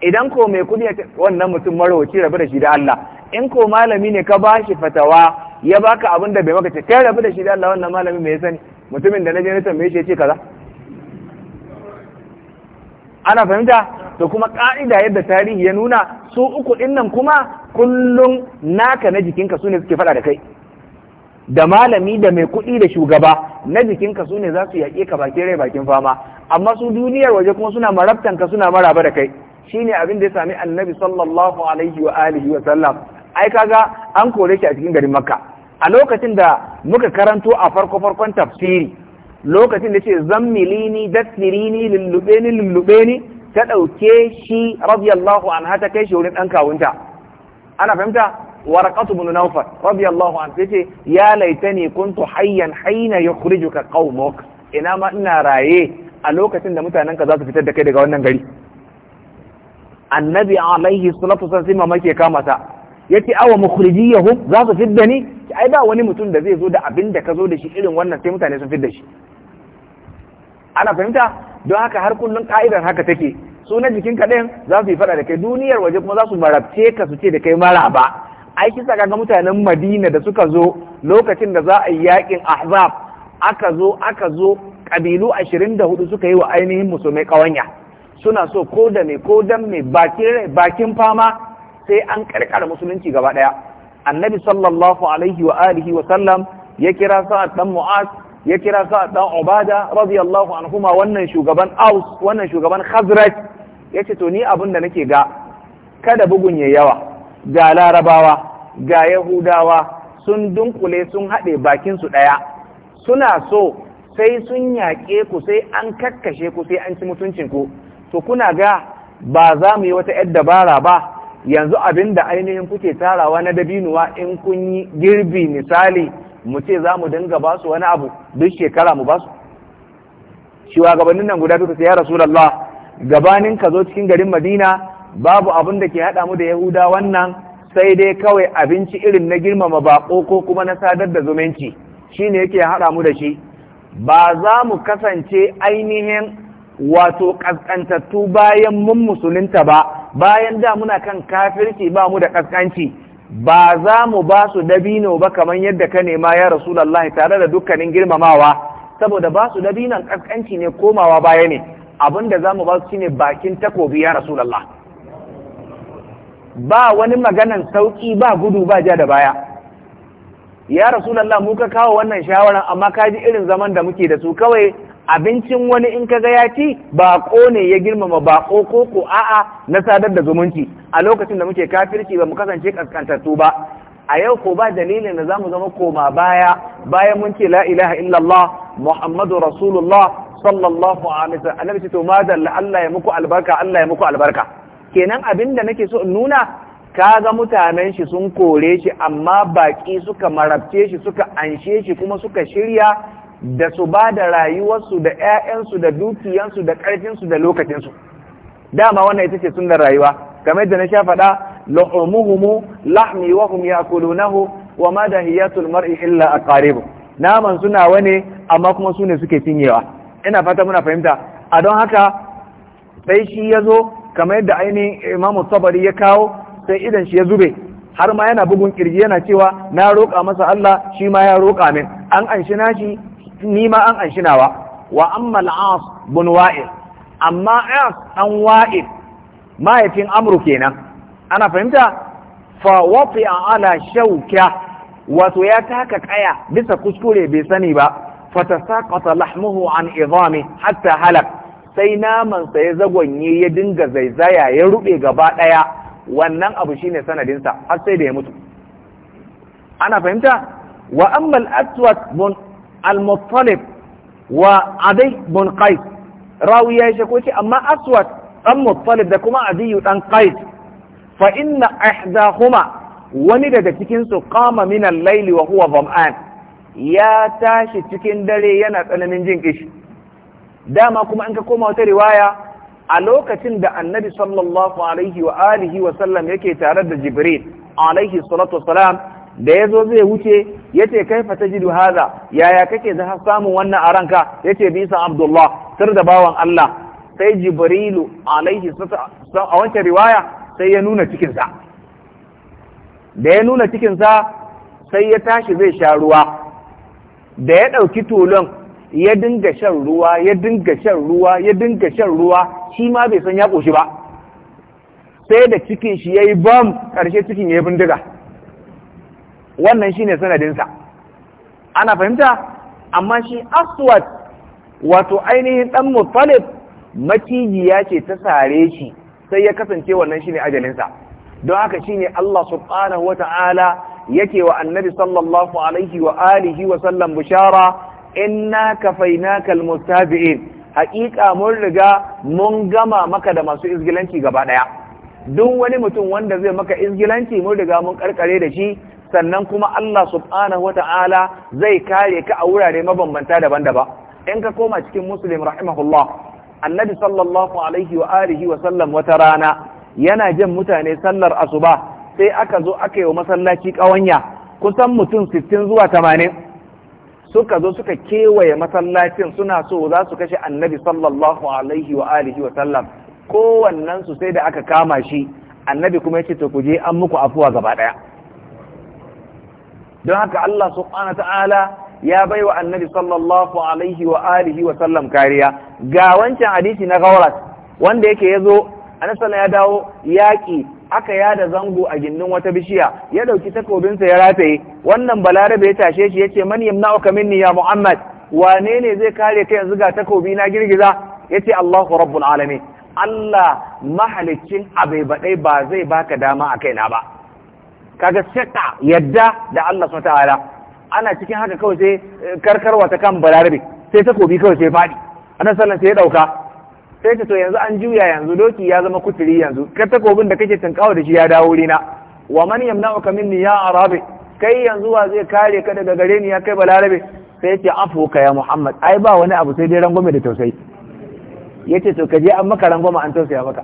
idan ko mai kudi wannan mutum marwaci rabu da shi da Allah in ko malami ne ka bashi fatawa ya baka abin da bai maka ce kai rabu da shi da Allah wannan malami mai sani mutumin da na je nisan ya ce kaza ana fahimta to kuma ka'ida yadda tarihi ya nuna su uku nan kuma kullum naka na jikinka su ne suke faɗa da kai da malami da mai kuɗi da shugaba na jikinka su ne za su yaƙe ka bakin rai bakin fama amma su duniyar waje kuma suna marabtan ka suna maraba da kai Shi ne abin da ya sami annabi sallallahu alaihi wa alihi wa sallam ai kaga an kore shi a cikin garin makka a lokacin da muka karanto a farko farkon tafsiri lokacin da ce zammilini dasirini lullubeni lullubeni ta ɗauke shi radiyallahu anha ta kai shi wurin ɗan kawunta ana fahimta warqatu ibn nawfal radiyallahu anhu yace ya laitani kuntu hayyan hayna yukhrijuka qaumuk ina ma ina raye a lokacin da mutanenka za su fitar da kai daga wannan gari annabi alaihi salatu wasallam sai mamaki kama ta yace awa mukhrijiyahum za su fidda ni ai ba wani mutum da zai zo da abin da ka zo da shi irin wannan sai mutane sun fidda shi ana fahimta don haka har kullun ka'idar haka take su na jikin kaɗan za su yi faɗa da kai duniyar waje kuma za su marabce ka su ce da kai mara ba ai kisa ga mutanen Madina da suka zo lokacin da za a yi yakin Ahzab aka zo aka zo kabilu 24 suka yi wa ainihin musulmai kawanya suna so ko da me ko dan me bakin bakin fama sai an karkara musulunci gaba daya annabi sallallahu alaihi wa alihi wa sallam ya kira sa'ad dan mu'az ya kira sa'ad dan ubada radiyallahu anhuma wannan shugaban aus wannan shugaban khazraj yace to ni abin da nake ga kada bugun yayi yawa ga larabawa ga yahudawa sun dunkule sun haɗe bakinsu ɗaya suna so sai sun yaƙe ku sai an kakkashe ku sai an ci mutuncinku to kuna ga ba za mu yi wata ‘yar dabara ba yanzu abin da ainihin kuke tarawa na dabinuwa in kun yi girbi misali mu ce za mu dinga ba su wani abu duk shekara mu ba su gabanin nan guda duka sai ya rasulullah gabanin ka zo cikin garin madina babu abin da ke haɗa mu da yahuda wannan sai dai kawai abinci irin na girmama baƙo ko kuma na sadar da zumunci shi ne yake haɗa mu da shi ba za mu kasance ainihin wato ƙasƙantattu bayan mun musulunta ba bayan da muna kan kafirci ba mu da ƙasƙanci ba za mu ba su dabino ba kamar yadda ka nema ya rasulallah, tare da dukkanin girmamawa saboda ba su dabinon ƙasƙanci ne komawa baya ne abin da za mu ba su shine bakin takobi ya rasulallah ba wani maganan sauki ba gudu ba ja da baya ya rasulallah mu ka kawo wannan shawaran amma kaji irin zaman da muke da su kawai abincin wani in ka ga ya ci baƙo ne ya girmama baƙo ko ko a'a na sadar da zumunci a lokacin da muke kafirci ba mu kasance kaskantattu ba a yau ko ba dalilin da za mu zama koma baya bayan mun ce la ilaha illallah muhammadu rasulullah sallallahu alaihi wasallam annabi ce to madalla Allah ya muku albarka Allah ya muku albarka kenan abin da nake so in nuna kaga mutanen shi sun kore shi amma baƙi suka marabce shi suka anshe shi kuma suka shirya da su ba da rayuwarsu da 'ya'yansu da dukiyansu da ƙarfinsu da lokacinsu dama wannan ita ce da rayuwa kamar da na sha faɗa lahumuhumu lahmi wa hum ya'kulunahu wa ma hiyatul mar'i illa aqaribu naman suna wane amma kuma su ne suke cinyewa ina fata muna fahimta a don haka sai shi ya zo kamar yadda ainihin imamu sabari ya kawo sai idan shi ya zube har ma yana bugun kirji yana cewa na roƙa masa Allah shi ma ya roƙa min an anshi nashi ni ma an anshi nawa wa amma al bin wa'il amma as an wa'il mahaifin amru kenan ana fahimta fa waqi'a ala shauka wato ya taka kaya bisa kuskure bai sani ba fatasaqata lahmuhu an idami hatta halak sai namansa ya zagonye ya dinga zaizaya ya rube gaba ɗaya wannan abu shine sanadinsa har sai da ya mutu ana fahimta wa amma al-aswad bun al-muttalib wa adai bun qais rawi ya yi ce amma aswad dan muttalib da kuma adiyu dan qais fa inna kuma wani daga cikin su qama min al-layli wa huwa dham'an ya tashi cikin dare yana tsananin jin kishi dama kuma in ka koma wata riwaya a lokacin da annabi sallallahu alaihi wa alihi wa sallam yake tare da jibril alaihi salatu wasalam da ya zo zai wuce ya ce kai fata jidu haza yaya kake samun wannan a ranka ya ce bisa abdullah sir da bawan allah sai jibrilu alaihi a wancan riwaya sai ya nuna cikinsa da ya nuna cikinsa sai ya tashi zai sha ruwa da ya ɗauki tulun ya dinga shan ruwa ya dinga shan ruwa ya dinga shan ruwa shi ma bai san ya ƙoshi ba sai da cikin shi ya yi bam ƙarshe cikin ya yi bindiga wannan shi ne sanadinsa ana fahimta amma shi aswad wato ainihin ɗan maciji ya ce ta sare shi sai ya kasance wannan shi ne ajalinsa don haka shi ne Allah subhanahu wa ta'ala yake wa annabi sallallahu alaihi wa alihi wa sallam bishara inna kafainaka almustabi'in haƙiƙa mun riga mun gama maka da masu izgilanci gaba ɗaya duk wani mutum wanda zai maka izgilanci mun riga mun karkare da shi sannan kuma Allah subhanahu wata'ala zai kare ka a wurare mabambanta daban-daban in ka koma cikin muslim rahimahullah annabi sallallahu alaihi wa alihi wa sallam wata rana yana jan mutane sallar asuba sai aka zo aka yi wa masallaci ƙawanya kusan mutum sittin zuwa tamanin. suka zo suka kewaye masallacin suna so za su kashe annabi sallallahu alaihi wa alihi wa sallam kowannen su sai da aka kama shi annabi kuma yace to kuje an muku afuwa gaba daya don haka Allah subhanahu ta'ala ya baiwa annabi sallallahu alaihi wa alihi wa sallam kariya ga wancan hadisi na Gaurat wanda yake yazo annabi ya dawo yaƙi aka yada zango a gindin wata bishiya ya dauki takobinsa ya rataye wannan balarabe ya tashe shi ce, man yamna'uka minni ya muhammad wane ne zai kare ka yanzu ga takobi na girgiza Ya ce, allahu rabbul alamin allah mahalicin abai badai ba zai baka dama a kaina ba kaga shakka yadda da allah subhanahu ta'ala ana cikin haka kawai sai eh, karkarwa ta kan balarabe sai takobi kawai sai fadi annabi sallallahu alaihi wasallam sai ya dauka sai ka to yanzu an juya yanzu doki ya zama kuturi yanzu ka takobin da kake tunkawa da shi ya dawo rina wa man ka minni ya arabe kai yanzu wa zai kare ka daga gare ni ya kai balarabe sai yace ka ya muhammad ai ba wani abu sai dai rangwame da tausayi yace to ka je an maka rangwama an tausaya maka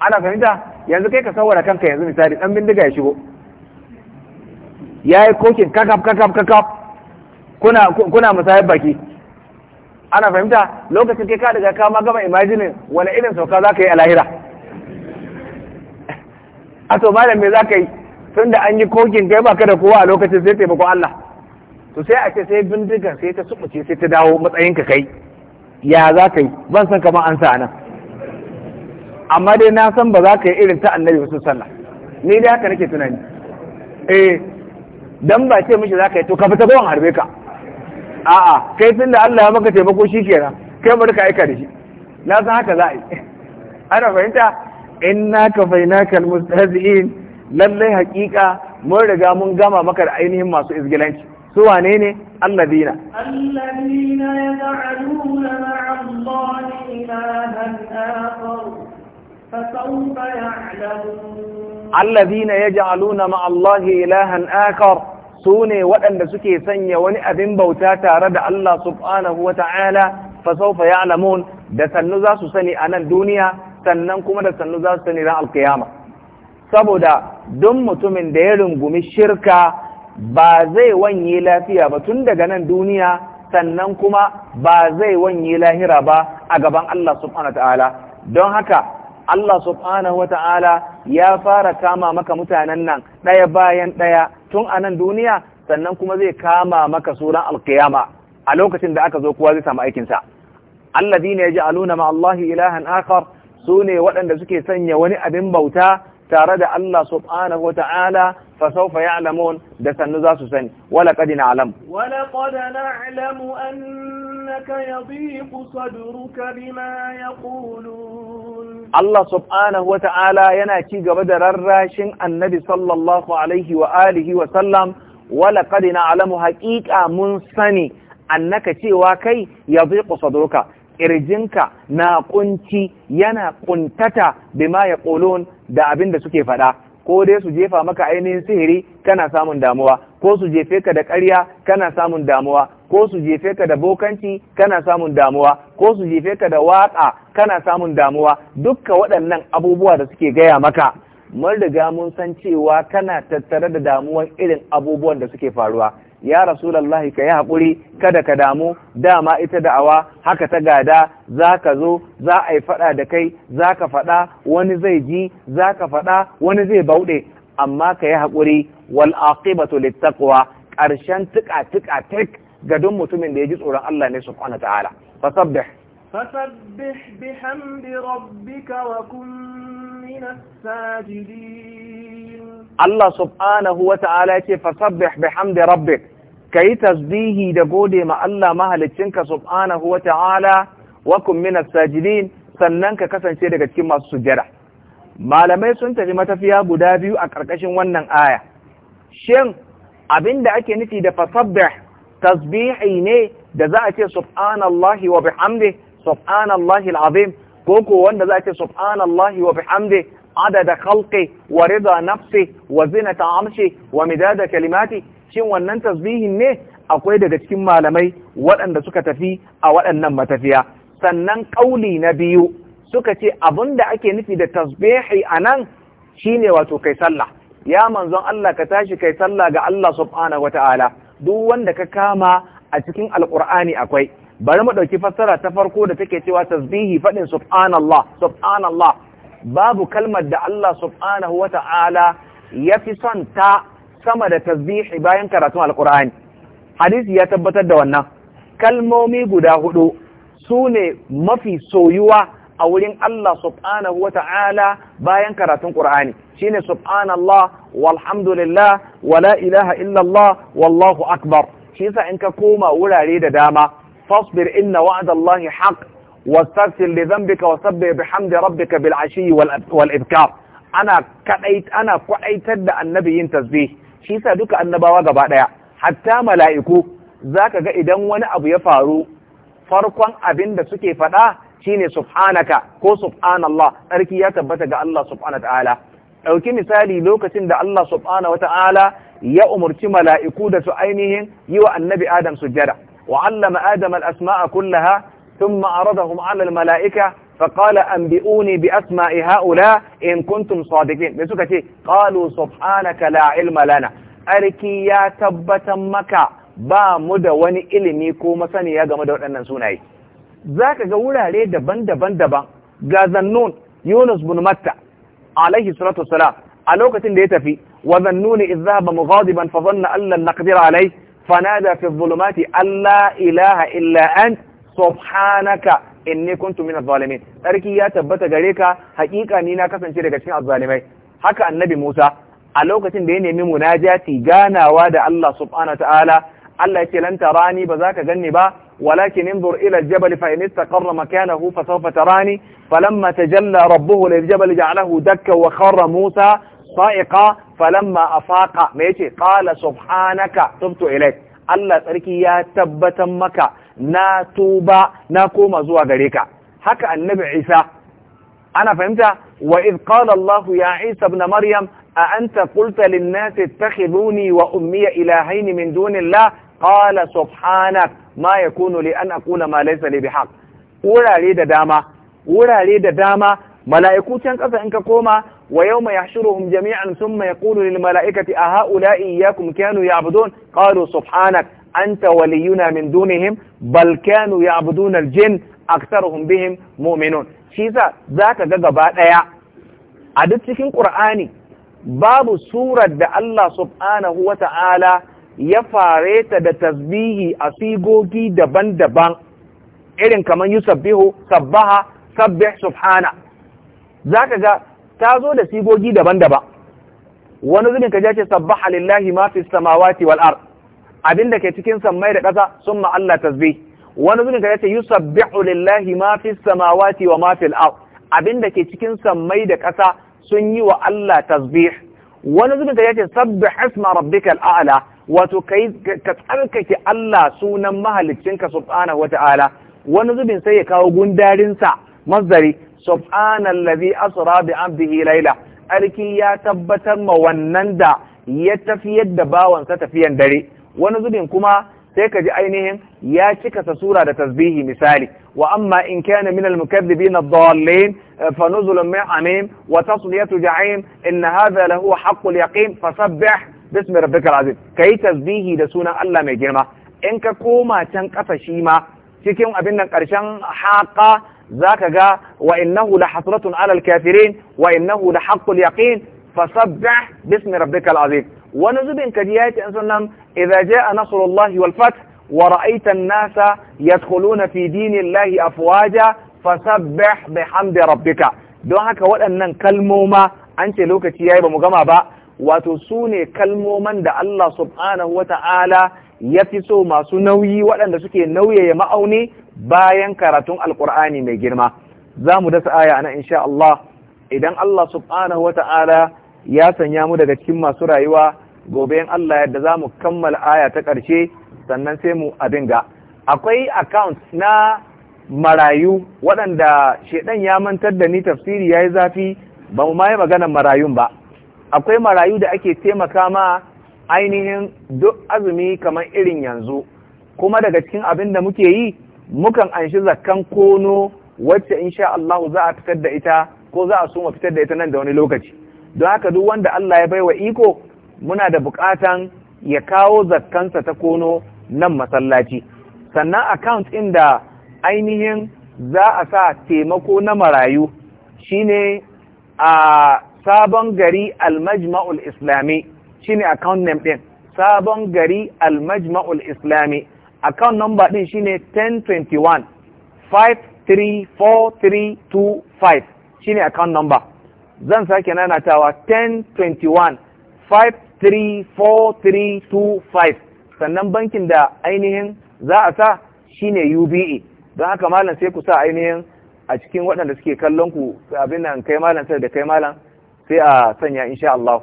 ana fahimta yanzu kai ka sawara kanka yanzu misali dan bindiga ya shigo yayi kokin kakaf kakaf kakaf kuna kuna musayar baki ana fahimta lokacin kai ka daga ka ma gama imajinin wani irin sauka za ka yi a lahira a to malam me za ka yi tun da an yi kokin kai ba ka da kowa a lokacin sai taimako Allah to sai a ce sai bindigar sai ta subuce sai ta dawo matsayin ka kai ya za ka yi ban san kamar an sa nan amma dai na san ba za ka yi irin ta annabi wasu sallah ni dai haka nake tunani eh dan ba ce mishi za ka yi to ka fita wani harbe ka a'a kai tun Allah ya maka taimako shi kenan kai bari ka aika da shi na san haka za a yi ana fahimta inna ka fainaka almustahzi'in lallai haƙiƙa mun riga mun gama maka da ainihin masu izgilanci su wane ne alladina alladina yad'aluna ma'a allahi ilahan akhar fasawfa ya'lamun alladina yaj'aluna ma'a allahi ilahan akhar su ne waɗanda suke sanya wani abin bauta tare da Allah subhanahu wa ta'ala fasaufa ya alamun da sannu za su sani a nan duniya sannan kuma da sannu za su sani ran alkiyama saboda don mutumin da ya rungumi shirka ba zai wanye lafiya ba tun daga nan duniya sannan kuma ba zai wanye lahira ba a gaban Allah subhanahu wa ta'ala don haka Allah subhanahu wa ta'ala ya fara kama maka mutanen nan ɗaya bayan ɗaya tun a nan duniya sannan kuma zai kama maka suran alkiyama a lokacin da aka zo kowa zai samu aikinsa alladhina yaj'aluna ma Allahi ilahan akhar ne waɗanda suke sanya wani abin bauta tare da Allah subhanahu wa ta'ala فسوف sani ده سنزاس سن alam. نعلم ولقد نعلم أن إنك يضيق صدرك بما يقولون الله سبحانه وتعالى يناكي قبل الراش النبي صلى الله عليه وآله وسلم ولقد نعلم حقيقة منسني أنك تيواكي يضيق صدرك irjinka na kunci yana kuntata bima ya kolon da abin da suke fada ko dai su jefa maka ainihin sihiri kana samun damuwa ko su jefe ka da ƙarya kana samun damuwa ko su jefe ka da bokanci kana samun damuwa ko su jefe ka da waƙa kana samun damuwa dukka waɗannan abubuwa da suke gaya maka mun riga mun san cewa kana tattare da damuwan irin abubuwan da suke faruwa ya rasulallah ka yi haƙuri kada ka damu dama ita da awa, haka ta gada za ka zo za a yi faɗa da kai za ka faɗa wani zai ji za ka faɗa wani zai bauɗe amma ka yi haƙuri wal aqibatu littaqwa ƙarshen tuka tuka tik ga duk mutumin da ya ji tsoron Allah ne subhanahu ta'ala fasabbih fasabbih bihamdi rabbika wa kun min as-sajidin Allah subhanahu wa ta'ala yake fasabbih bihamdi rabbik kai tasbihi da gode ma Allah mahaliccinka subhanahu wa ta'ala wa kun min as-sajidin sannan ka kasance daga cikin masu sujjada malamai sun tafi matafiya guda biyu a ƙarƙashin wannan aya shin abin da ake nufi da fasabbih tasbihi ne da za a ce subhanallahi wa bihamdi subhanallahi alazim ko ko wanda za a ce subhanallahi wa bihamdi adada khalqi wa rida nafsi wa zinata arshi wa midada kalimati shin wannan tasbihin ne akwai daga cikin malamai waɗanda suka tafi a waɗannan matafiya sannan ƙauli na biyu suka ce abin da ake nufi da tasbihi a nan ne wato kai sallah ya manzon Allah ka tashi kai sallah ga Allah subhanahu wataala duk wanda ka kama a cikin alkur'ani akwai bari mu ɗauki fassara ta farko da take cewa tasbihi fadin subhanallah subhanallah babu kalmar da Allah subhanahu wataala ya fi son ta sama da tasbihi bayan karatun alkur'ani hadisi ya tabbatar da wannan kalmomi guda hudu su ne mafi soyuwa a wurin Allah subhanahu wata'ala bayan karatun ƙur'ani shine subhanallah walhamdulillah wala ilaha illallah wallahu akbar shi yasa in ka koma wurare da dama fasbir inna wa'dallahi haqq واستغفر لذنبك وسبح بحمد ربك بالعشي والإبكار أنا كأيت Ana كأيت da النبي تسبيح شي يسا duka annabawa غبا ديا حتى ملائكو ذاك ga idan wani abu ya faru farkon abin da suke fada shine subhanaka ko subhanallah tsarki ya tabbata ga Allah subhanahu ta'ala dauki misali lokacin da Allah subhanahu ta'ala ya umurci mala'iku da su ainihin yi wa annabi Adam sujjada wa 'allama Adam al-asma'a kullaha thumma 'aradahum 'ala al-mala'ika فقال أنبئوني بأسماء هؤلاء إن كنتم صادقين بسوكا تي قالوا سبحانك لا علم لنا أركي يا تبتا مكا با مدى وني إلمي كوما سني يا جمد أن نسوناي za ka ga wurare daban-daban daban ga zannun yunus bin matta alaihi salatu wasalam a lokacin da ya tafi wa zannuni idh dhahaba mughadiban fa dhanna an lan naqdir alayhi fanada fi dhulumati alla ilaha illa ant subhanaka inni kuntu min adh-dhalimin sarki ya tabbata gare ka hakika ni na kasance daga cikin azzalimai haka annabi Musa a lokacin da ya nemi munajati ganawa da Allah subhanahu ta'ala Allah ya ce lan tarani ba za ka ganni ba ولكن انظر إلى الجبل فإن استقر مكانه فسوف تراني فلما تجلى ربه للجبل جعله دكا وخر موسى صائقا فلما أفاق ميشي قال سبحانك تبت إليك الله تريك يا تبت مكا نا توبا نا كوما زوا غريكا حكى النبي عيسى أنا فهمت وإذ قال الله يا عيسى ابن مريم أأنت قلت للناس اتخذوني وأمي إلهين من دون الله قال سبحانك ما يكون لي أن أقول ما ليس لي بحق ورالي داما ورالي داما ملائكو تنقص إنك قوما ويوم يحشرهم جميعا ثم يقول للملائكة أهؤلاء إياكم كانوا يعبدون قالوا سبحانك أنت ولينا من دونهم بل كانوا يعبدون الجن أكثرهم بهم مؤمنون شيزا ذاك جدبا أيا عدد سكين قرآني باب سورة الله سبحانه وتعالى ya fare ta da tasbihi a sigogi daban-daban irin kamar yusabbihu sabbaha sabbih subhana Za ka ga ta zo da sigogi daban-daban wani zubin ka ce sabbaha lillahi ma fi samawati wal Abin da ke cikin sammai da ƙasa summa Allah tasbih wani zubin ka ce sabbihu, lillahi ma fi samawati wa ma fil Abin da ke cikin sammai da ƙasa sun yi wa Allah tasbih wani zubin ka ce sabbih isma rabbikal a'la wato kai ka tsarkake Allah sunan mahaliccinka subhanahu wata'ala wani zubin sai ya kawo gundarin sa mazdari subhanallazi asra bi abdihi laila alki ya tabbatar ma wannan da ya tafiyar da bawansa tafiyan dare wani zubin kuma sai ka ji ainihin ya cika sa sura da tasbihi misali wa amma in kana min al-mukaththibin ad-dallin fa nuzulun min amim wa tasliyatu ja'im in hadha lahu haqqul yaqin fasabbih بسم ربك العظيم kai tasbihi da sunan Allah mai girma in ka koma can kasa shi ma cikin abin nan karshen haqa zaka ga wa innahu la hasratun ala al-kafirin wa innahu la haqqul yaqin fasabbih bismi rabbikal azim wani zubin ka ji yace an sunan idza jaa nasrullahi wal fath wa ra'aita an-nasa yadkhuluna fi dinillahi afwaja fasabbih bihamdi rabbika don haka waɗannan kalmoma an ce lokaci yayi ba mu gama ba wato su ne kalmomin da Allah subhanahu wa ta'ala ya fi so masu nauyi waɗanda suke nauye ya ma'auni bayan karatun alƙur'ani mai girma za mu dasa aya na insha Allah idan Allah subhanahu wa ta'ala ya sanya mu daga cikin masu rayuwa gobe in Allah yadda za mu kammala aya ta ƙarshe sannan sai mu abin ga akwai account na marayu waɗanda shaiɗan ya mantar da ni tafsiri ya yi zafi ba mu ma yi maganar marayun ba akwai marayu da ake taimaka ma ainihin duk azumi kamar irin yanzu kuma daga cikin abin da muke yi mukan anshi zakkan kono wacce insha Allah za a fitar da ita ko za a so mu fitar da ita nan da wani lokaci don haka duk wanda Allah ya bai wa iko muna da bukatan ya kawo zakkansa ta kono nan masallaci sannan account inda ainihin za a sa taimako na marayu shine a sabon gari almajma'ul islami shine account name din sabon gari almajma'ul islami account number din shine 1021 534325 shine account number zan sake nanatawa 1021 534325 sannan bankin da ainihin za a sa shine UBE don haka malam sai ku sa ainihin a cikin waɗanda suke kallon ku abin nan kai malam sai da kai malam sai a sanya insha Allah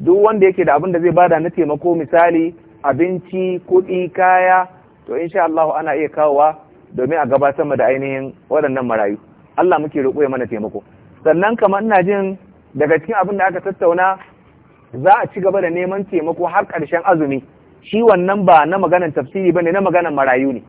duk wanda yake da abin da zai bada na taimako misali abinci kuɗi kaya to insha Allah ana iya kawowa domin a gabatar da ainihin waɗannan marayu Allah muke roƙo ya mana taimako sannan kamar ina jin daga cikin abin da aka tattauna za a ci gaba da neman taimako har ƙarshen azumi shi wannan ba na maganan tafsiri ne na maganan marayu ne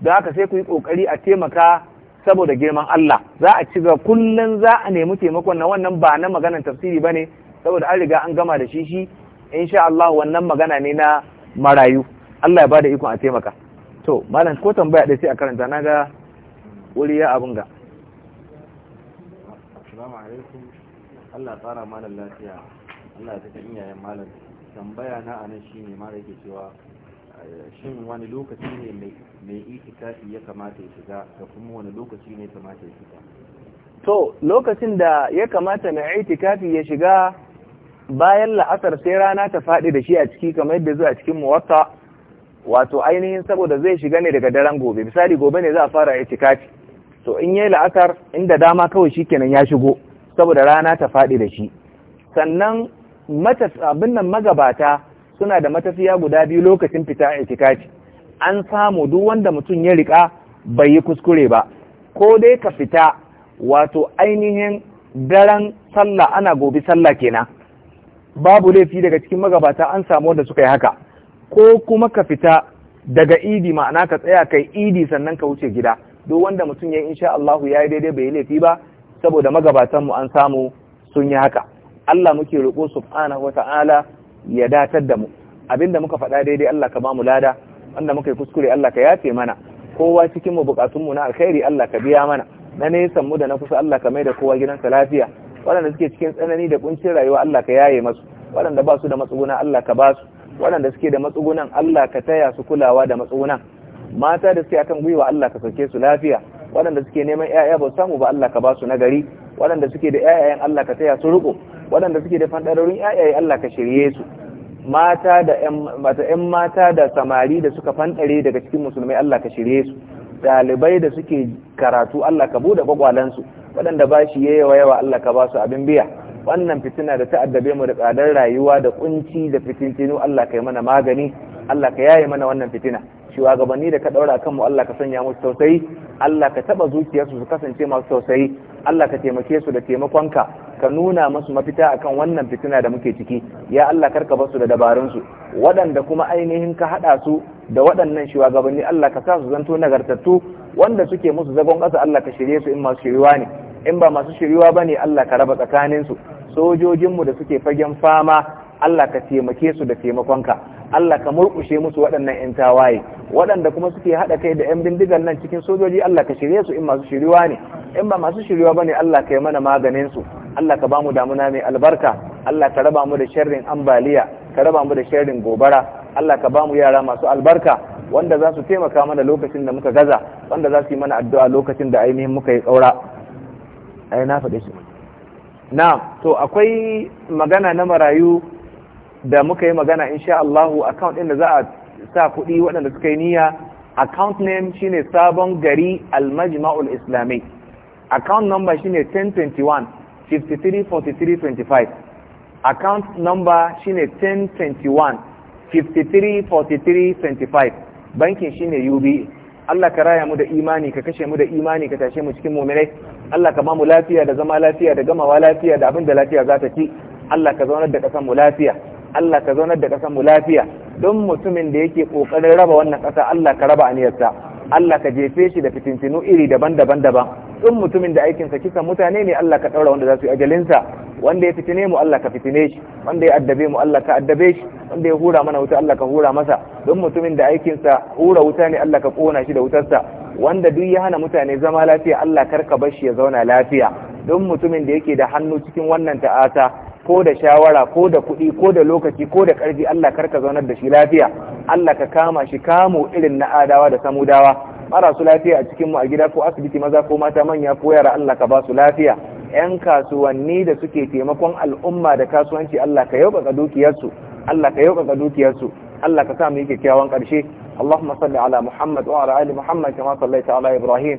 don haka sai ku yi ƙoƙari a taimaka saboda girman Allah za a ci gaba kullum za a nemi taimakon na wannan ba na maganar tafsiri bane saboda an riga an gama da shi shi insha Allah wannan magana ne na marayu Allah ya bada ikon a taimaka to malam ko tambaya da sai a karanta na ga wuri ya abun ga assalamu alaikum Allah tsara malam lafiya Allah ya iyayen malam tambaya na anan shine malam yake cewa shin wani lokaci ne mai itikafi ya kamata ya shiga da kuma wani lokaci ne kamata ya shiga to lokacin da ya kamata mai itikafi ya shiga bayan la'asar sai rana ta faɗi da shi a ciki kamar yadda zuwa cikin muwatta wato ainihin saboda zai shiga ne daga daren gobe misali gobe ne za a fara itikafi to in yayi la'asar inda dama kawai shikenan ya shigo saboda rana ta faɗi da shi sannan abin nan magabata suna da matafiya guda biyu lokacin fita itikafi an samu duk wanda mutum ya rika bai yi kuskure ba ko dai ka fita wato ainihin daren sallah ana gobe sallah kenan babu laifi daga cikin magabata an samu wanda suka yi haka ko kuma ka fita daga idi ma'ana ka tsaya kai idi sannan ka wuce gida duk wanda mutum ya insha Allah ya yi daidai bai yi laifi ba saboda magabatan mu an samu sun yi haka Allah muke roƙo subhanahu wata'ala ya datar da mu abinda muka faɗa daidai Allah ka bamu lada wanda muka yi kuskure Allah ka yafe mana kowa cikin mu bukatun mu na alkhairi Allah ka biya mana na nesan mu da na kusa Allah ka mai da kowa gidansa lafiya waɗanda suke cikin tsanani da kuncin rayuwa Allah ka yaye masu waɗanda ba su da matsuguna Allah ka ba su waɗanda suke da matsugunan Allah ka taya su kulawa da matsugunan mata da suke akan gwiwa Allah ka sauke su lafiya waɗanda suke neman 'ya'ya ba samu ba Allah ka ba su nagari waɗanda suke da ƴaƴayen Allah ka taya su riƙo waɗanda suke da fandararin ƴaƴaye Allah ka shirye su mata da ƴan mata da samari da suka fanɗare daga cikin musulmai Allah ka shirye su dalibai da suke karatu Allah ka bude kwakwalan su waɗanda ba shi yawa yawa Allah ka ba su abin biya wannan fitina da ta addabe mu da tsadar rayuwa da kunci da fitintinu Allah ka yi mana magani Allah ka yaye mana wannan fitina shugabanni da ka daura kan mu Allah ka sanya musu tausayi Allah ka taba zuciyarsu su kasance masu tausayi Allah ka taimake su da taimakonka ka nuna musu mafita akan wannan fitina da muke ciki ya Allah karka ba su da dabarun su waɗanda kuma ainihin ka hada su da waɗannan shugabanni Allah ka sa su zanto nagartattu wanda suke musu zagon ƙasa Allah ka shirye su in masu shiriwa ne in ba masu shiriwa bane Allah ka raba tsakanin su sojojinmu da suke fagen fama Allah ka taimake su da taimakonka Allah ka murkushe musu waɗannan 'yan tawaye waɗanda kuma suke haɗa kai da 'yan bindigan nan cikin sojoji Allah ka shirye su in masu shiriwa ne in ba masu shiriwa bane Allah ka yi mana maganin su Allah ka bamu damuna mai albarka Allah ka raba mu da sharrin ambaliya ka raba mu da sharrin gobara Allah ka bamu yara masu albarka wanda za su taimaka mana lokacin da muka gaza wanda za su yi mana addu'a lokacin da ainihin muka yi tsaura ai na faɗi shi na to akwai magana na marayu da muka yi magana insha Allahu account ɗin da za a sa kuɗi waɗanda suka yi niyya account name shine sabon gari almajma'ul islami account number shine 1021 534325 account number shine 1021 534325 bankin shine UB. E. Allah ka raya mu da imani ka kashe mu da imani ka tashe mu cikin muminai Allah ka ba mu lafiya da zama lafiya da gamawa lafiya da abin da lafiya za ta ci Allah ka zaunar da ƙasar mu lafiya Allah ka zaunar da ƙasar mu lafiya don mutumin da yake ƙoƙarin raba wannan ƙasa Allah ka raba aniyarsa Allah ka jefe shi da fitintinu iri daban-daban daban in mutumin da aikinsa kisan mutane ne Allah ka ɗaura wanda za su yi ajalinsa wanda ya fitine mu Allah ka fitine shi wanda ya addabe mu Allah ka addabe shi wanda ya hura mana wuta Allah ka hura masa don mutumin da aikinsa hura wuta ne Allah ka kona shi da wutarsa wanda duk ya hana mutane zama lafiya Allah kar ka bar shi ya zauna lafiya don mutumin da yake da hannu cikin wannan ta'asa ko da shawara ko da kuɗi ko da lokaci ko da ƙarfi Allah karka zaunar da shi lafiya Allah ka kama shi kamo irin na adawa da samudawa marasu lafiya a cikin mu a gida ko asibiti maza ko mata manya ko yara Allah ka ba su lafiya yan kasuwanni da suke taimakon al'umma da kasuwanci Allah ka yauƙaƙa dukiyarsu Allah ka yauƙaƙa dukiyarsu Allah ka sa mu yi kyakkyawan ƙarshe اللهم صل على محمد وعلى ال محمد كما صليت على ابراهيم